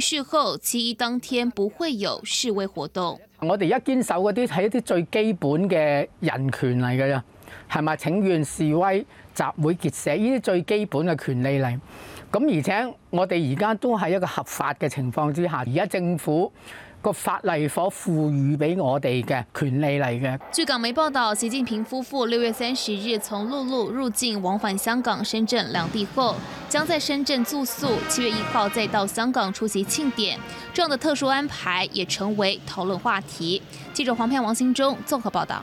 事後，七一當天不會有示威活動。我哋而家堅守嗰啲係一啲最基本嘅人權嚟噶咋，係咪？請願、示威、集會、結社，呢啲最基本嘅權利嚟。咁而且我哋而家都係一個合法嘅情況之下，而家政府。個法例所賦予俾我哋嘅權利嚟嘅。據港媒報道，習近平夫婦六月三十日從陸路入境，往返香港、深圳兩地後，將在深圳住宿，七月一號再到香港出席慶典。這樣的特殊安排也成為討論話題。記者黃片王新忠綜合報導。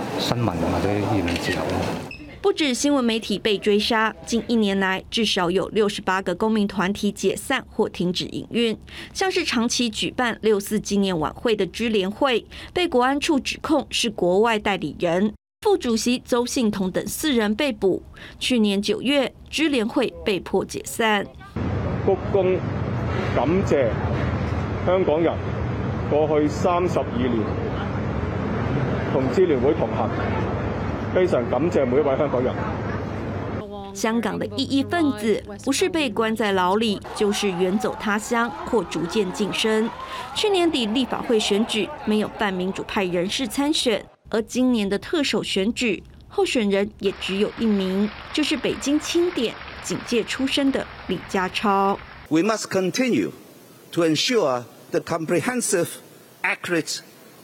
新聞或者議論自由。不止新聞媒體被追殺，近一年來至少有六十八個公民團體解散或停止營運，像是長期舉辦六四紀念晚會的支聯會，被國安處指控是國外代理人，副主席鄒幸彤等四人被捕。去年九月，支聯會被迫解散。鞠躬感謝香港人過去三十二年。同支聯會同行，非常感謝每一位香港人。香港的異議分子，不是被關在牢裡，就是遠走他鄉或逐漸噤聲。去年底立法會選舉，沒有泛民主派人士參選，而今年的特首選舉，候選人也只有一名，就是北京欽點警界出身的李家超。We must continue to ensure the comprehensive, accurate.